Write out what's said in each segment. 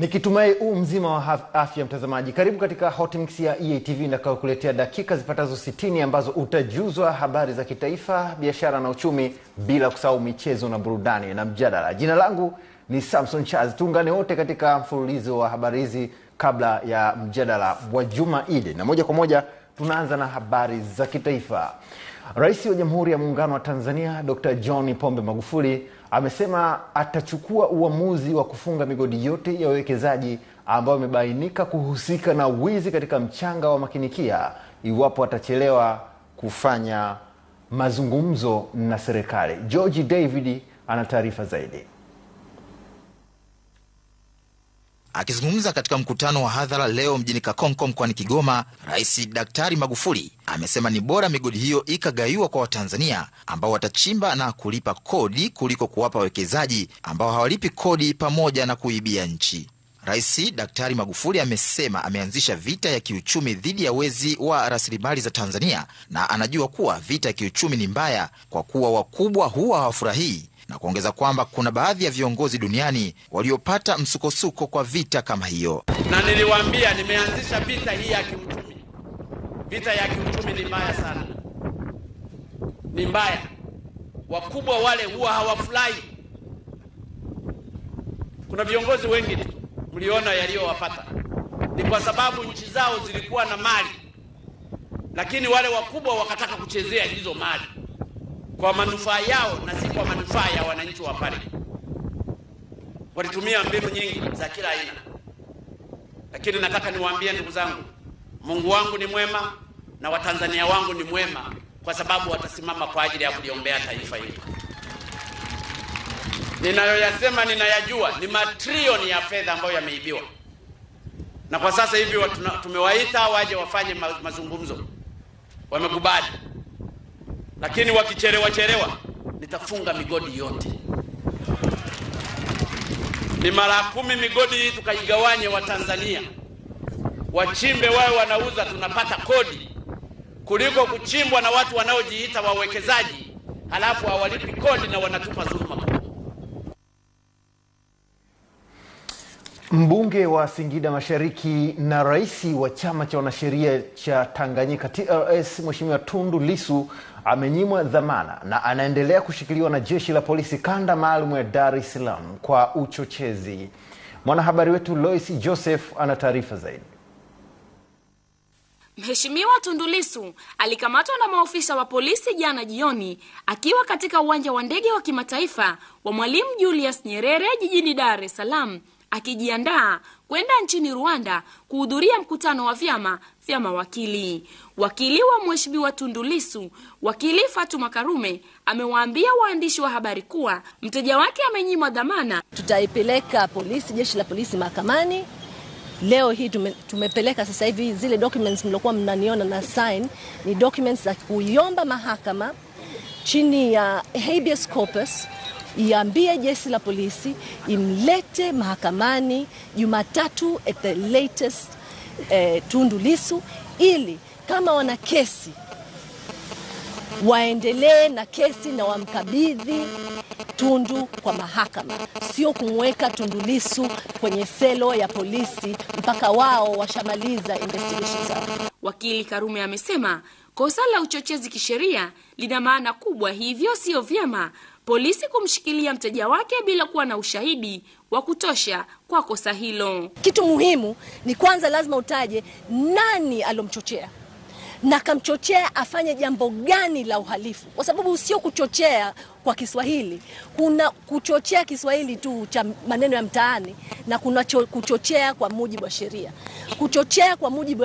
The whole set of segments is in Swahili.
Nikitumai huu mzima wa afya, mtazamaji, karibu katika hotmix ya EATV inakaokuletea dakika zipatazo 60 ambazo utajuzwa habari za kitaifa, biashara na uchumi, bila kusahau michezo na burudani na mjadala. Jina langu ni Samson Charles. Tuungane wote katika mfululizo wa habari hizi kabla ya mjadala wa Juma Idi, na moja kwa moja tunaanza na habari za kitaifa. Rais wa Jamhuri ya Muungano wa Tanzania Dr. John Pombe Magufuli amesema atachukua uamuzi wa kufunga migodi yote ya wawekezaji ambayo imebainika kuhusika na wizi katika mchanga wa makinikia iwapo atachelewa kufanya mazungumzo na serikali. georgi David ana taarifa zaidi. Akizungumza katika mkutano wa hadhara leo mjini Kakonko mkoani Kigoma, Rais Daktari Magufuli amesema ni bora migodi hiyo ikagaiwa kwa Watanzania ambao watachimba na kulipa kodi kuliko kuwapa wawekezaji ambao hawalipi kodi pamoja na kuibia nchi. Rais Daktari Magufuli amesema ameanzisha vita ya kiuchumi dhidi ya wezi wa rasilimali za Tanzania na anajua kuwa vita ya kiuchumi ni mbaya kwa kuwa wakubwa huwa hawafurahii na kuongeza kwamba kuna baadhi ya viongozi duniani waliopata msukosuko kwa vita kama hiyo. Na niliwaambia nimeanzisha vita hii ya kiuchumi. Vita ya kiuchumi ni mbaya sana, ni mbaya. Wakubwa wale huwa hawafurahi. Kuna viongozi wengi tu mliona yaliyowapata ni kwa sababu nchi zao zilikuwa na mali, lakini wale wakubwa wakataka kuchezea hizo mali kwa manufaa yao na si kwa manufaa ya wananchi wa pale. Walitumia mbinu nyingi za kila aina, lakini nataka niwaambie ndugu zangu, Mungu wangu ni mwema na Watanzania wangu ni mwema, kwa sababu watasimama kwa ajili ya kuliombea taifa hili. Ninayoyasema ninayajua, ni matrioni ya fedha ambayo yameibiwa, na kwa sasa hivi tumewaita waje wafanye mazungumzo, wamekubali lakini wakicherewa cherewa nitafunga migodi yote. Ni mara kumi migodi hii tukaigawanye, Watanzania wachimbe wao wanauza, tunapata kodi kuliko kuchimbwa na watu wanaojiita wawekezaji halafu hawalipi kodi na wanatupa dhuluma. Mbunge wa Singida Mashariki na rais wa chama cha wanasheria cha Tanganyika trs Mheshimiwa Tundu lisu amenyimwa dhamana na anaendelea kushikiliwa na jeshi la polisi kanda maalum ya Dar es Salaam kwa uchochezi. Mwanahabari wetu Lois Joseph ana taarifa zaidi. Mheshimiwa Tundu Lissu alikamatwa na maofisa wa polisi jana jioni akiwa katika uwanja wa ndege wa kimataifa wa Mwalimu Julius Nyerere jijini Dar es Salaam akijiandaa kwenda nchini Rwanda kuhudhuria mkutano wa vyama vya mawakili. Wakili wa Mheshimiwa Tundu Lissu, wakili Fatuma Karume, amewaambia waandishi wa habari kuwa mteja wake amenyimwa dhamana. Tutaipeleka polisi, jeshi la polisi mahakamani Leo hii tume, tumepeleka sasa hivi zile documents mliokuwa mnaniona na sign ni documents za kuiomba mahakama chini ya habeas corpus iambie jeshi la polisi imlete mahakamani Jumatatu at the latest eh, Tundu Lissu ili kama wana kesi waendelee na kesi na wamkabidhi Tundu kwa mahakama, sio kumweka Tundu Lissu kwenye selo ya polisi mpaka wao washamaliza investigation zao. Wakili Karume amesema kosa la uchochezi kisheria lina maana kubwa, hivyo sio vyema polisi kumshikilia mteja wake bila kuwa na ushahidi wa kutosha kwa kosa hilo. Kitu muhimu ni kwanza, lazima utaje nani alomchochea na kamchochea afanye jambo gani la uhalifu, kwa sababu sio kuchochea kwa Kiswahili. Kuna kuchochea Kiswahili tu cha maneno ya mtaani na kuna cho, kuchochea kwa mujibu wa sheria. Kuchochea kwa mujibu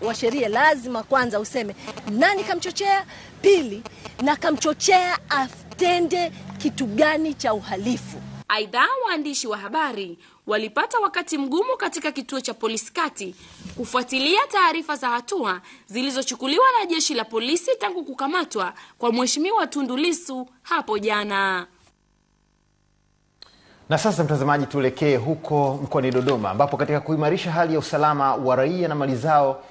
wa sheria, lazima kwanza useme nani kamchochea, pili na kamchochea atende kitu gani cha uhalifu. Aidha, waandishi wa habari walipata wakati mgumu katika kituo cha polisi kati kufuatilia taarifa za hatua zilizochukuliwa na jeshi la polisi tangu kukamatwa kwa Mheshimiwa Tundu Lissu hapo jana. Na sasa mtazamaji, tuelekee huko mkoani Dodoma ambapo katika kuimarisha hali ya usalama wa raia na mali zao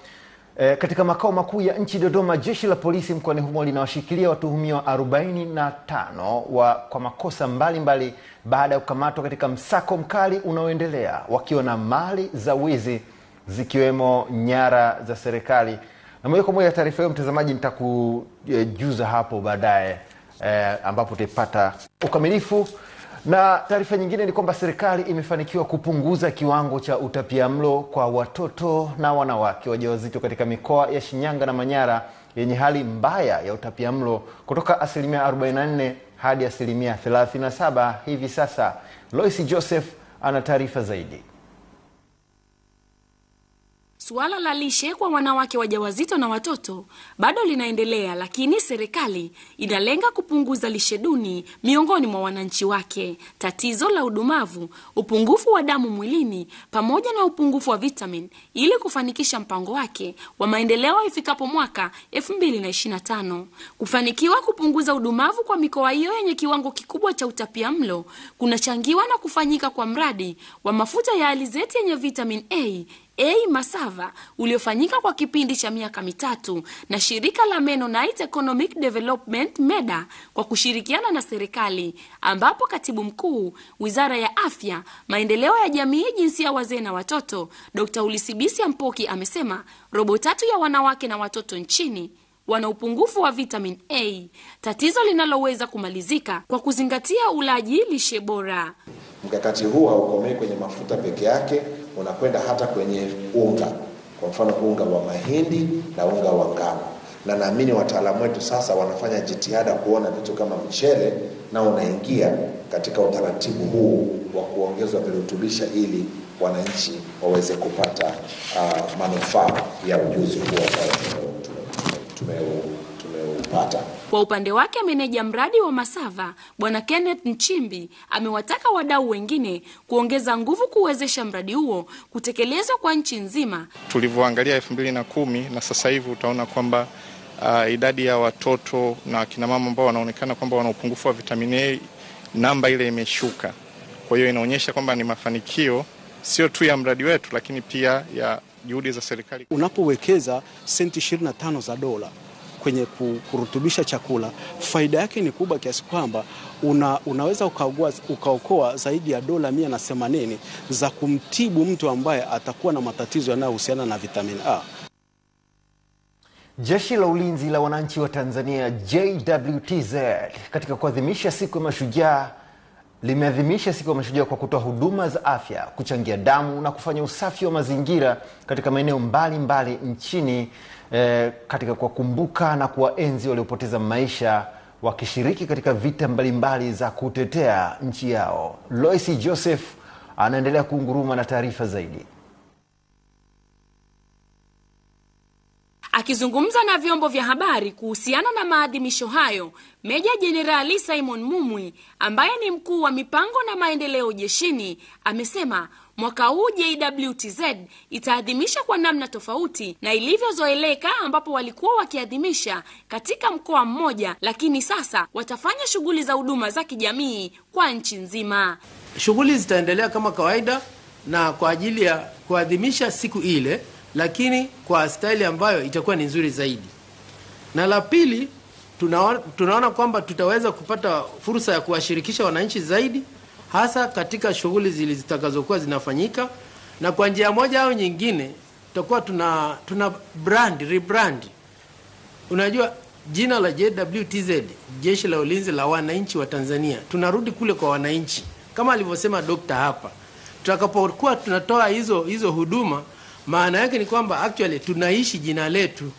E, katika makao makuu ya nchi Dodoma, jeshi la polisi mkoani humo linawashikilia watuhumiwa 45 wa kwa makosa mbalimbali mbali, baada ya kukamatwa katika msako mkali unaoendelea wakiwa na mali za wizi zikiwemo nyara za serikali. Na moja kwa moja taarifa hiyo mtazamaji, nitakujuza hapo baadaye e, ambapo utaipata ukamilifu. Na taarifa nyingine ni kwamba serikali imefanikiwa kupunguza kiwango cha utapiamlo kwa watoto na wanawake wajawazito katika mikoa ya Shinyanga na Manyara yenye hali mbaya ya utapiamlo kutoka asilimia 44 hadi asilimia 37 hivi sasa. Lois Joseph ana taarifa zaidi. Suala la lishe kwa wanawake wajawazito na watoto bado linaendelea, lakini serikali inalenga kupunguza lishe duni miongoni mwa wananchi wake. Tatizo la udumavu, upungufu wa damu mwilini, pamoja na upungufu wa vitamin, ili kufanikisha mpango wake wa maendeleo ifikapo mwaka 2025. Kufanikiwa kupunguza udumavu kwa mikoa hiyo yenye kiwango kikubwa cha utapia mlo kunachangiwa na kufanyika kwa mradi wa mafuta ya alizeti yenye vitamin A A Masava uliofanyika kwa kipindi cha miaka mitatu na shirika la Mennonite Economic Development MEDA kwa kushirikiana na serikali, ambapo katibu mkuu Wizara ya Afya, Maendeleo ya Jamii, Jinsia, Wazee na Watoto, Dr. Ulisibisi Ampoki amesema robo tatu ya wanawake na watoto nchini wana upungufu wa vitamin A, tatizo linaloweza kumalizika kwa kuzingatia ulaji lishe bora. Mkakati huu haukomei kwenye mafuta peke yake, unakwenda hata kwenye unga, kwa mfano unga wa mahindi na unga wa ngano, na naamini wataalamu wetu sasa wanafanya jitihada kuona vitu kama mchele na unaingia katika utaratibu huu wa kuongezwa virutubisha ili wananchi waweze kupata uh, manufaa ya ujuzi huo ambao tumeu kupata. Kwa upande wake meneja mradi wa Masava Bwana Kenneth Nchimbi amewataka wadau wengine kuongeza nguvu kuwezesha mradi huo kutekelezwa kwa nchi nzima. Tulivyoangalia elfu mbili na kumi na sasa hivi utaona kwamba uh, idadi ya watoto na wakinamama ambao wanaonekana kwamba wana upungufu wa vitamini A namba ile imeshuka. Kwa hiyo inaonyesha kwamba ni mafanikio sio tu ya mradi wetu, lakini pia ya juhudi za serikali. Unapowekeza senti 25 za dola kwenye kurutubisha chakula, faida yake ni kubwa kiasi kwamba una, unaweza ukaokoa zaidi ya dola mia na themanini za kumtibu mtu ambaye atakuwa na matatizo yanayohusiana na vitamin A. Jeshi la Ulinzi la Wananchi wa Tanzania JWTZ katika kuadhimisha siku ya mashujaa limeadhimisha siku ya mashujaa kwa kutoa huduma za afya, kuchangia damu na kufanya usafi wa mazingira katika maeneo mbalimbali nchini eh, katika kuwakumbuka na kuwaenzi waliopoteza maisha wakishiriki katika vita mbalimbali mbali za kutetea nchi yao. Lois Joseph anaendelea kuunguruma na taarifa zaidi. Akizungumza na vyombo vya habari kuhusiana na maadhimisho hayo, Meja Jenerali Simon Mumwi ambaye ni mkuu wa mipango na maendeleo jeshini amesema mwaka huu JWTZ itaadhimisha kwa namna tofauti na ilivyozoeleka, ambapo walikuwa wakiadhimisha katika mkoa mmoja, lakini sasa watafanya shughuli za huduma za kijamii kwa nchi nzima. Shughuli zitaendelea kama kawaida na kwa ajili ya kuadhimisha siku ile lakini kwa staili ambayo itakuwa ni nzuri zaidi. Na la pili, tunaona, tunaona kwamba tutaweza kupata fursa ya kuwashirikisha wananchi zaidi, hasa katika shughuli zilizitakazokuwa zinafanyika, na kwa njia moja au nyingine tutakuwa tuna, tuna brand rebrand. Unajua jina la JWTZ, Jeshi la Ulinzi la Wananchi wa Tanzania, tunarudi kule kwa wananchi kama alivyosema dokta hapa, tutakapokuwa tunatoa hizo hizo huduma maana yake ni kwamba actually tunaishi jina letu,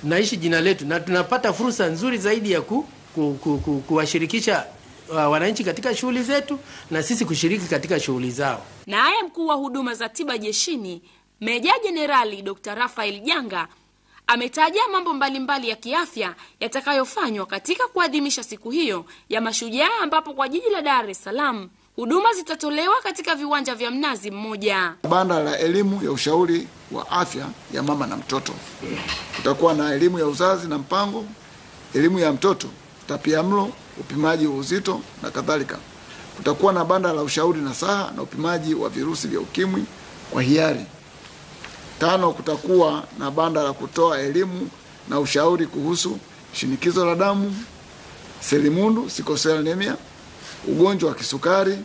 tunaishi jina letu na tunapata fursa nzuri zaidi ya ku, ku, ku, ku, kuwashirikisha uh, wananchi katika shughuli zetu na sisi kushiriki katika shughuli zao. Naye mkuu wa huduma za tiba jeshini Meja Jenerali Dr. Rafael Janga ametaja mambo mbalimbali ya kiafya yatakayofanywa katika kuadhimisha siku hiyo ya mashujaa ambapo kwa jiji la Dar es Salaam Huduma zitatolewa katika viwanja vya mnazi mmoja. Banda la elimu ya ushauri wa afya ya mama na mtoto, kutakuwa na elimu ya uzazi na mpango, elimu ya mtoto, mlo upimaji wa uzito na kadhalika. Kutakuwa na banda la ushauri na saha na upimaji wa virusi vya ukimwi kwa hiari. Tano, kutakuwa na banda la kutoa elimu na ushauri kuhusu shinikizo la damu, selimundu, sikosel anemia ugonjwa wa kisukari,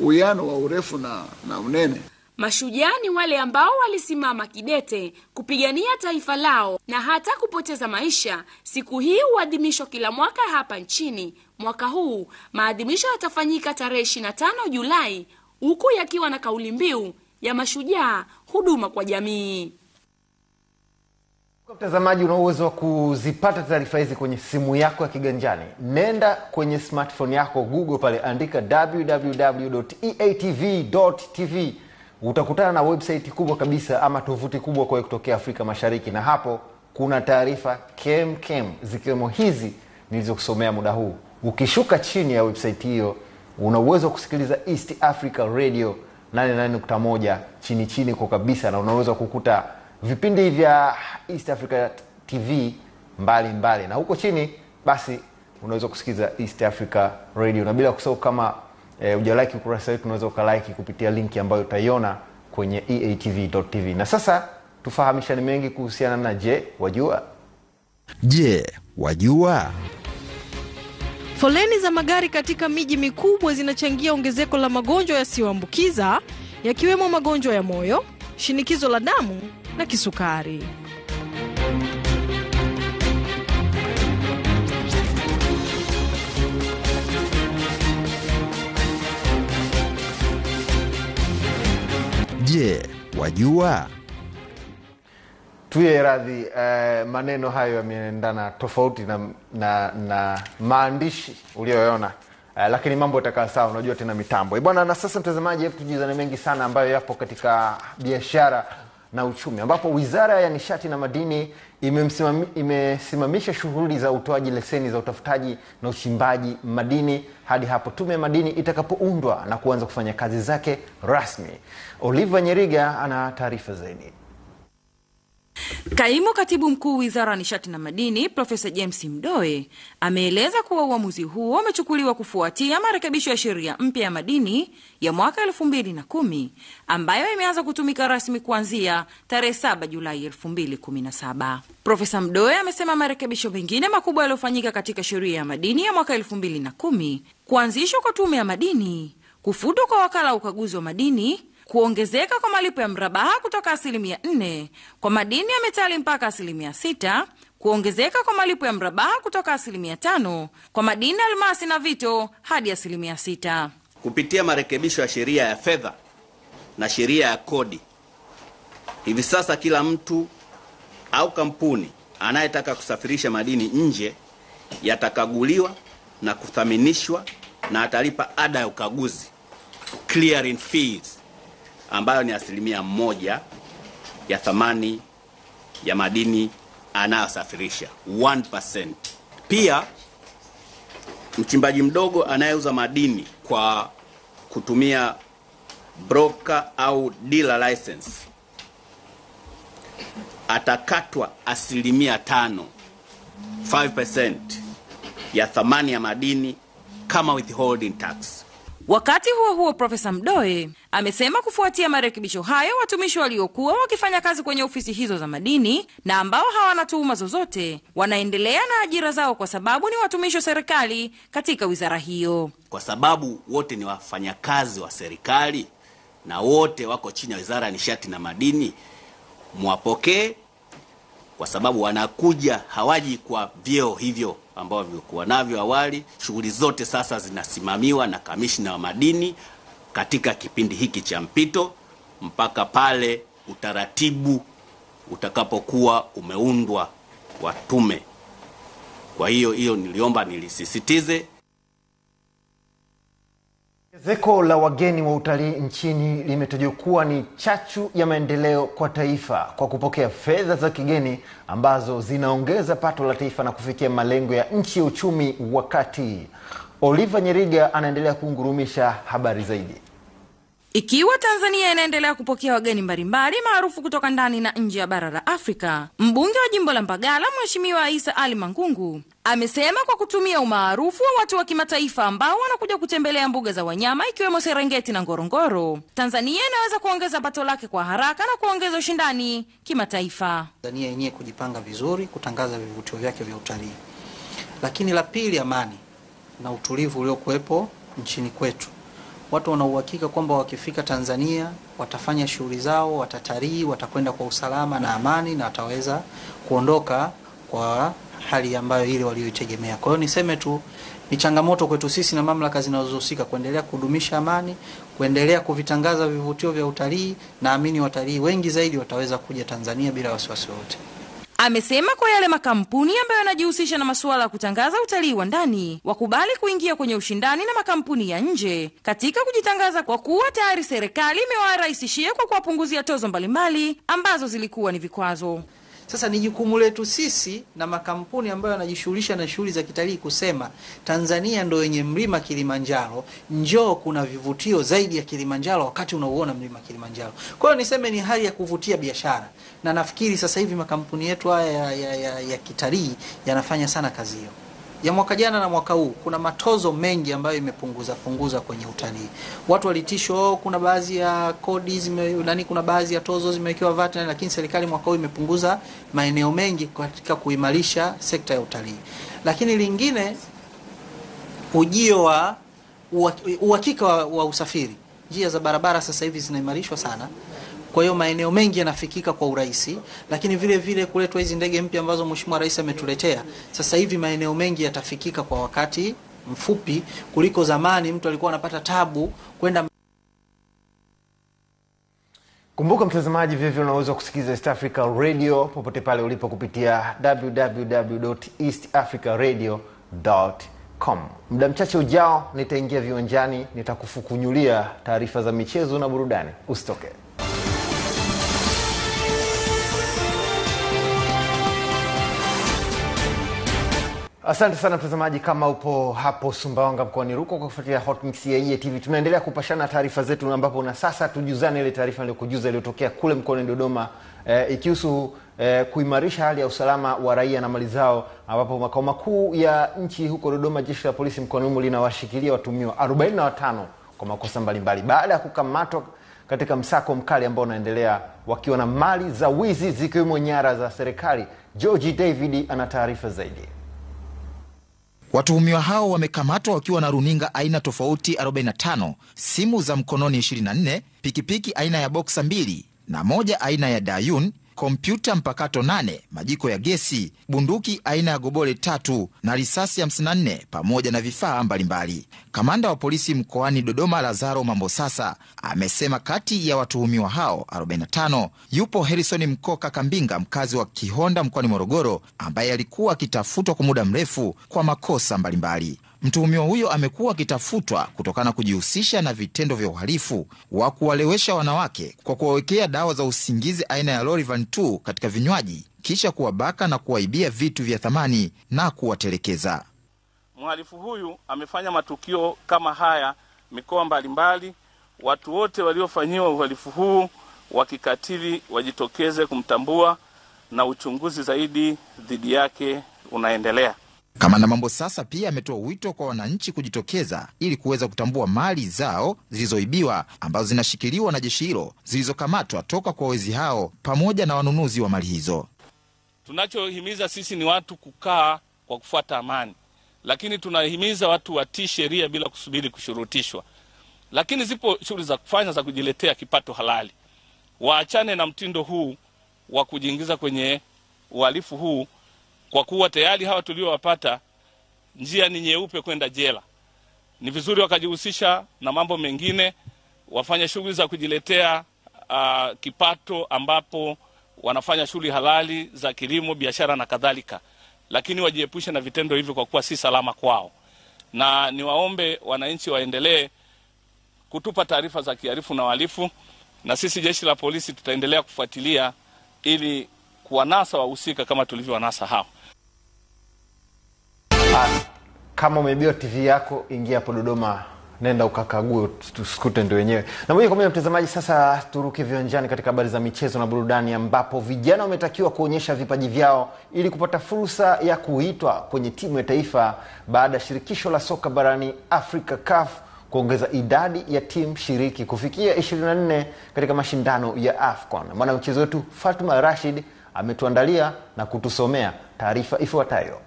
uwiano wa urefu na, na unene. Mashujaa ni wale ambao walisimama kidete kupigania taifa lao na hata kupoteza maisha. Siku hii huadhimishwa kila mwaka hapa nchini. Mwaka huu maadhimisho yatafanyika tarehe 25 Julai, huku yakiwa na kauli mbiu ya mashujaa, huduma kwa jamii. Mtazamaji, una uwezo wa kuzipata taarifa hizi kwenye simu yako ya kiganjani. Nenda kwenye smartphone yako Google pale, andika www.eatv.tv utakutana na website kubwa kabisa ama tovuti kubwa kwa kutokea Afrika Mashariki, na hapo kuna taarifa kem kem zikiwemo hizi nilizokusomea muda huu. Ukishuka chini ya website hiyo, una uwezo wa kusikiliza East Africa Radio 88.1 chini chini kwa kabisa, na unaweza kukuta vipindi vya East Africa TV mbalimbali mbali. Na huko chini basi unaweza kusikiza East Africa Radio, na bila kusahau kama e, eh, ujalike ukurasa wetu unaweza ukalike kupitia linki ambayo utaiona kwenye eatv.tv. Na sasa tufahamishani mengi kuhusiana na Je Wajua. Je Wajua. Foleni za magari katika miji mikubwa zinachangia ongezeko la magonjwa yasiyoambukiza yakiwemo magonjwa ya moyo, shinikizo la damu na kisukari. Je, wajua tuye radhi eh, maneno hayo yameendana tofauti na, na, na maandishi uliyoona eh, lakini mambo yatakaa sawa, unajua tena mitambo eh, bwana. Na sasa mtazamaji, hebu tujuzane mengi sana ambayo yapo katika biashara na uchumi ambapo wizara ya nishati na madini imesimamisha shughuli za utoaji leseni za utafutaji na uchimbaji madini hadi hapo tume ya madini itakapoundwa na kuanza kufanya kazi zake rasmi. oliva Nyeriga ana taarifa zaidi. Kaimu katibu mkuu wizara ya nishati na madini Profesa James Mdoe ameeleza kuwa uamuzi huo umechukuliwa kufuatia marekebisho ya sheria mpya ya madini ya mwaka elfu mbili na kumi ambayo imeanza kutumika rasmi kuanzia tarehe 7 Julai elfu mbili kumi na saba. Profesa Mdoe amesema marekebisho mengine makubwa yaliyofanyika katika sheria ya madini ya mwaka elfu mbili na kumi kuanzishwa kwa tume ya madini, kufutwa kwa wakala wa ukaguzi wa madini kuongezeka kwa malipo ya mrabaha kutoka asilimia 4 kwa madini ya metali mpaka asilimia 6 kuongezeka kwa malipo ya mrabaha kutoka asilimia 5 kwa madini almasi na vito hadi asilimia 6 Kupitia marekebisho ya sheria ya fedha na sheria ya kodi, hivi sasa kila mtu au kampuni anayetaka kusafirisha madini nje yatakaguliwa na kuthaminishwa na atalipa ada ya ukaguzi clearing fees ambayo ni asilimia moja ya thamani ya madini anayosafirisha 1%. Pia mchimbaji mdogo anayeuza madini kwa kutumia broker au dealer license atakatwa asilimia tano 5% ya thamani ya madini kama withholding tax. Wakati huo huo, Profesa Mdoe amesema kufuatia marekebisho hayo, watumishi waliokuwa wakifanya kazi kwenye ofisi hizo za madini na ambao hawana tuhuma zozote wanaendelea na ajira zao kwa sababu ni watumishi wa serikali katika wizara hiyo. Kwa sababu wote ni wafanyakazi wa serikali na wote wako chini ya Wizara ya Nishati na Madini, mwapokee kwa sababu wanakuja hawaji kwa vyeo hivyo ambao vilikuwa navyo awali. Shughuli zote sasa zinasimamiwa na kamishna wa madini katika kipindi hiki cha mpito mpaka pale utaratibu utakapokuwa umeundwa wa tume. Kwa hiyo hiyo niliomba nilisisitize. Ongezeko la wageni wa utalii nchini limetajwa kuwa ni chachu ya maendeleo kwa taifa kwa kupokea fedha za kigeni ambazo zinaongeza pato la taifa na kufikia malengo ya nchi ya uchumi wakati oliva Oliver Nyeriga anaendelea kungurumisha habari zaidi. Ikiwa Tanzania inaendelea kupokea wageni mbalimbali maarufu kutoka ndani na nje ya bara la Afrika, mbunge wa jimbo la Mbagala Mheshimiwa Isa Ali Mangungu amesema kwa kutumia umaarufu wa watu wa kimataifa ambao wanakuja kutembelea mbuga za wanyama ikiwemo Serengeti na Ngorongoro, Tanzania inaweza kuongeza pato lake kwa haraka na kuongeza ushindani kimataifa. Tanzania yenyewe kujipanga vizuri, kutangaza vivutio vyake vya utalii, lakini la pili, amani na utulivu uliokuwepo nchini kwetu watu wanauhakika kwamba wakifika Tanzania watafanya shughuli zao, watatarii watakwenda kwa usalama na amani na wataweza kuondoka kwa hali ambayo ile walioitegemea. Kwa hiyo niseme tu ni changamoto kwetu sisi na mamlaka zinazohusika kuendelea kudumisha amani, kuendelea kuvitangaza vivutio vya utalii. Naamini watalii wengi zaidi wataweza kuja Tanzania bila wasiwasi wote. Amesema kwa yale makampuni ambayo yanajihusisha na masuala ya kutangaza utalii wa ndani wakubali kuingia kwenye ushindani na makampuni ya nje katika kujitangaza, kwa kuwa tayari serikali imewarahisishia kwa kuwapunguzia tozo mbalimbali ambazo zilikuwa ni vikwazo. Sasa ni jukumu letu sisi na makampuni ambayo yanajishughulisha na shughuli za kitalii kusema Tanzania ndio yenye mlima Kilimanjaro, njoo kuna vivutio zaidi ya Kilimanjaro wakati unauona mlima Kilimanjaro. Kwa hiyo niseme ni hali ya kuvutia biashara, na nafikiri sasa hivi makampuni yetu haya ya, ya, ya, ya kitalii yanafanya sana kazi hiyo ya mwaka jana na mwaka huu kuna matozo mengi ambayo imepunguza punguza kwenye utalii. Watu walitishwa, oh, kuna baadhi ya kodi zime, nani, kuna baadhi ya tozo zimewekewa VAT, lakini serikali mwaka huu imepunguza maeneo mengi katika kuimarisha sekta ya utalii. Lakini lingine ujio wa uhakika wa, wa usafiri, njia za barabara sasa hivi zinaimarishwa sana. Kwa hiyo maeneo mengi yanafikika kwa urahisi, lakini vile vile kuletwa hizi ndege mpya ambazo Mheshimiwa Rais ametuletea sasa hivi, maeneo mengi yatafikika kwa wakati mfupi kuliko zamani, mtu alikuwa anapata tabu kwenda Kumbuka mtazamaji, vivyo unaweza kusikiliza East Africa Radio popote pale ulipo kupitia www.eastafricaradio.com. Muda mchache ujao nitaingia viwanjani, nitakufukunyulia taarifa za michezo na burudani. Usitoke. Asante sana mtazamaji, kama upo hapo Sumbawanga mkoani Rukwa kwa kufuatilia Hot Mix ya EA TV, tunaendelea kupashana taarifa zetu, ambapo na sasa tujuzane ile taarifa niliyokujuza iliyotokea kule mkoani Dodoma eh, ikihusu eh, kuimarisha hali ya usalama wa raia na mali zao, ambapo makao makuu ya nchi huko Dodoma, jeshi la polisi mkoani humo linawashikilia watumiwa 45 kwa makosa mbalimbali baada ya kukamatwa katika msako mkali ambao unaendelea wakiwa na mali za wizi zikiwemo nyara za serikali. George David ana taarifa zaidi. Watuhumiwa hao wamekamatwa wakiwa na runinga aina tofauti 45, simu za mkononi 24, pikipiki aina ya boksa mbili na moja aina ya Dayun kompyuta mpakato 8, majiko ya gesi, bunduki aina ya gobole tatu na risasi 54 pamoja na vifaa mbalimbali. Kamanda wa polisi mkoani Dodoma Lazaro Mambosasa amesema kati ya watuhumiwa hao 45 yupo Harrison Mkoka Kambinga, mkazi wa Kihonda mkoani Morogoro, ambaye alikuwa akitafutwa kwa muda mrefu kwa makosa mbalimbali mbali. Mtuhumiwa huyo amekuwa akitafutwa kutokana na kujihusisha na vitendo vya uhalifu wa kuwalewesha wanawake kwa kuwawekea dawa za usingizi aina ya Lorivan 2 katika vinywaji kisha kuwabaka na kuwaibia vitu vya thamani na kuwatelekeza. Mhalifu huyu amefanya matukio kama haya mikoa mbalimbali. Watu wote waliofanyiwa uhalifu huu wa kikatili wajitokeze kumtambua na uchunguzi zaidi dhidi yake unaendelea. Kamanda Mambo sasa pia ametoa wito kwa wananchi kujitokeza ili kuweza kutambua mali zao zilizoibiwa ambazo zinashikiliwa na jeshi hilo zilizokamatwa toka kwa wezi hao pamoja na wanunuzi wa mali hizo. Tunachohimiza sisi ni watu kukaa kwa kufuata amani, lakini tunahimiza watu watii sheria bila kusubiri kushurutishwa. Lakini zipo shughuli za kufanya za kujiletea kipato halali. Waachane na mtindo huu wa kujiingiza kwenye uhalifu huu kwa kuwa tayari hawa tuliowapata njia ni nyeupe kwenda jela. Ni vizuri wakajihusisha na mambo mengine, wafanya shughuli za kujiletea uh, kipato ambapo wanafanya shughuli halali za kilimo, biashara na kadhalika, lakini wajiepushe na vitendo hivyo kwa kuwa si salama kwao, na niwaombe wananchi waendelee kutupa taarifa za kiharifu na wahalifu, na sisi jeshi la polisi tutaendelea kufuatilia ili kuwanasa wahusika kama tulivyowanasa hao kama umebewa tv yako ingia hapo dodoma nenda ukakague tuskute ndio wenyewe na moja kwa moja mtazamaji sasa turuke viwanjani katika habari za michezo na burudani ambapo vijana wametakiwa kuonyesha vipaji vyao ili kupata fursa ya kuitwa kwenye timu ya taifa baada ya shirikisho la soka barani africa caf kuongeza idadi ya timu shiriki kufikia 24 katika mashindano ya afcon mwanamchezo wetu fatma rashid ametuandalia na kutusomea taarifa ifuatayo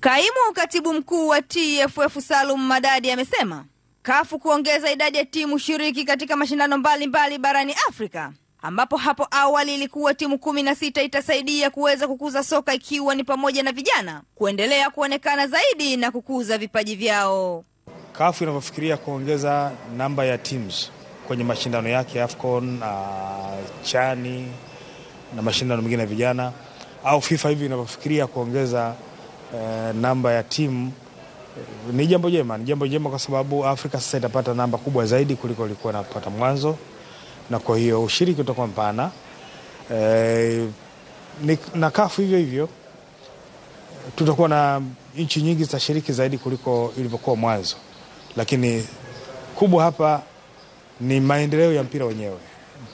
Kaimu katibu mkuu wa TFF Salum Madadi amesema kafu kuongeza idadi ya timu shiriki katika mashindano mbalimbali mbali barani Afrika ambapo hapo awali ilikuwa timu kumi na sita itasaidia kuweza kukuza soka ikiwa ni pamoja na vijana kuendelea kuonekana zaidi na kukuza vipaji vyao. Kafu inavyofikiria kuongeza namba ya teams kwenye mashindano yake AFCON, uh, chani na mashindano mengine ya vijana au FIFA hivi inavyofikiria kuongeza Eh, namba ya timu eh, ni jambo jema, ni jambo jema kwa sababu Afrika sasa itapata namba kubwa zaidi kuliko ilikuwa inapata mwanzo, na kwa hiyo ushiriki utakuwa mpana e, na kafu hivyo hivyo tutakuwa na nchi nyingi zitashiriki zaidi kuliko ilivyokuwa mwanzo, lakini kubwa hapa ni maendeleo ya mpira wenyewe.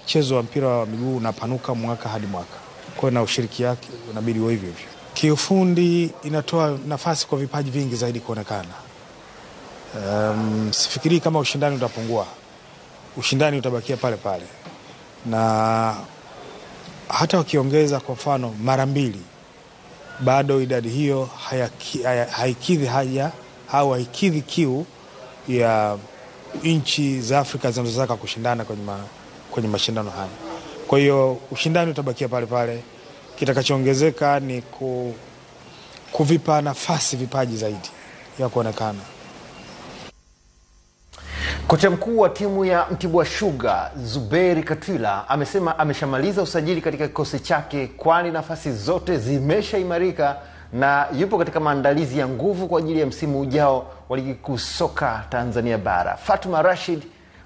Mchezo wa mpira wa miguu unapanuka mwaka hadi mwaka, kwa hiyo na ushiriki yake unabidi hivyo hivyo. Kiufundi inatoa nafasi kwa vipaji vingi zaidi kuonekana. Um, sifikirii kama ushindani utapungua. Ushindani utabakia pale pale, na hata wakiongeza kwa mfano mara mbili, bado idadi hiyo haikidhi haja au haikidhi kiu ya nchi za Afrika zinazotaka kushindana kwenye, ma, kwenye mashindano haya. Kwa hiyo ushindani utabakia pale pale kitakachoongezeka ni ku, kuvipa nafasi vipaji zaidi ya kuonekana. Kocha mkuu wa timu ya Mtibwa Sugar Zuberi Katwila amesema ameshamaliza usajili katika kikosi chake, kwani nafasi zote zimeshaimarika na yupo katika maandalizi ya nguvu kwa ajili ya msimu ujao wa ligi kuu soka Tanzania bara. Fatuma Rashid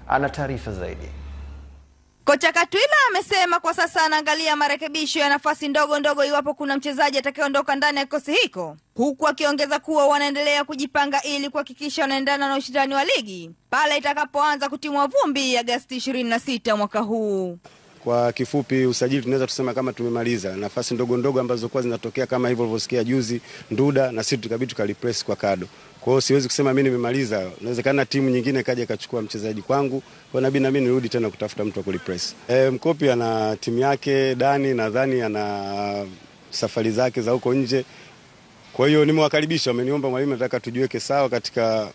ana taarifa zaidi. Kocha Katwila amesema kwa sasa anaangalia marekebisho ya nafasi ndogo ndogo iwapo kuna mchezaji atakayeondoka ndani ya kikosi hiko, huku akiongeza kuwa wanaendelea kujipanga ili kuhakikisha wanaendana na ushindani wa ligi pale itakapoanza kutimwa vumbi Agasti 26 mwaka huu. Kwa kifupi, usajili tunaweza tusema kama tumemaliza nafasi ndogo ndogo ambazo kwa zinatokea kama hivyo ulivyosikia juzi Nduda, na sisi tukabidi tukalipress kwa Kado. Kwa hiyo siwezi kusema mimi nimemaliza, inawezekana timu nyingine kaja ikachukua mchezaji kwangu, kwa nabi na mimi nirudi tena kutafuta mtu wa kulipress. E, Mkopi ana timu yake, Dani nadhani ana safari zake za huko nje. Kwa hiyo nimewakaribisha, wameniomba mwalimu, nataka tujiweke sawa katika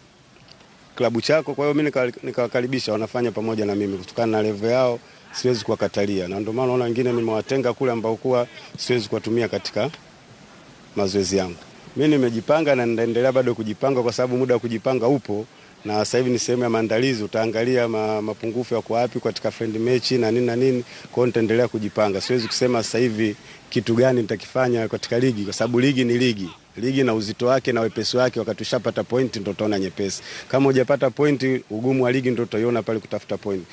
klabu chako. Kwa hiyo mimi nikawakaribisha, wanafanya pamoja na mimi kutokana na level yao siwezi kuwakatalia, na ndio maana naona wengine nimewatenga kule ambao kuwa siwezi kuwatumia katika mazoezi yangu. Mi nimejipanga na nitaendelea bado kujipanga, kwa sababu muda wa kujipanga upo, na sasa hivi ni sehemu ya maandalizi. Utaangalia ma, mapungufu yako wapi katika friend mechi na nini na nini. Kwa hiyo nitaendelea kujipanga, siwezi kusema sasa hivi kitu gani nitakifanya katika ligi, kwa sababu ligi ni ligi ligi na uzito wake na wepesi wake. Wakati ushapata point ndio utaona nyepesi, kama hujapata point, ugumu wa ligi ndio utaiona pale kutafuta point.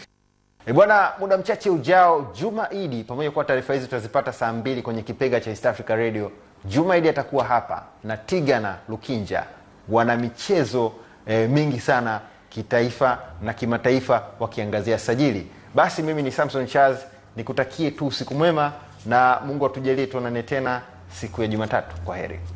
E bwana, muda mchache ujao Juma Idi, pamoja kwa taarifa hizi tutazipata saa mbili kwenye kipega cha East Africa Radio. Juma Idi atakuwa hapa na Tigana Lukinja, wana michezo e, mingi sana kitaifa na kimataifa, wakiangazia sajili. Basi mimi ni Samson Charles, nikutakie tu usiku mwema na Mungu atujalie tuonane tena siku ya Jumatatu. Kwa heri.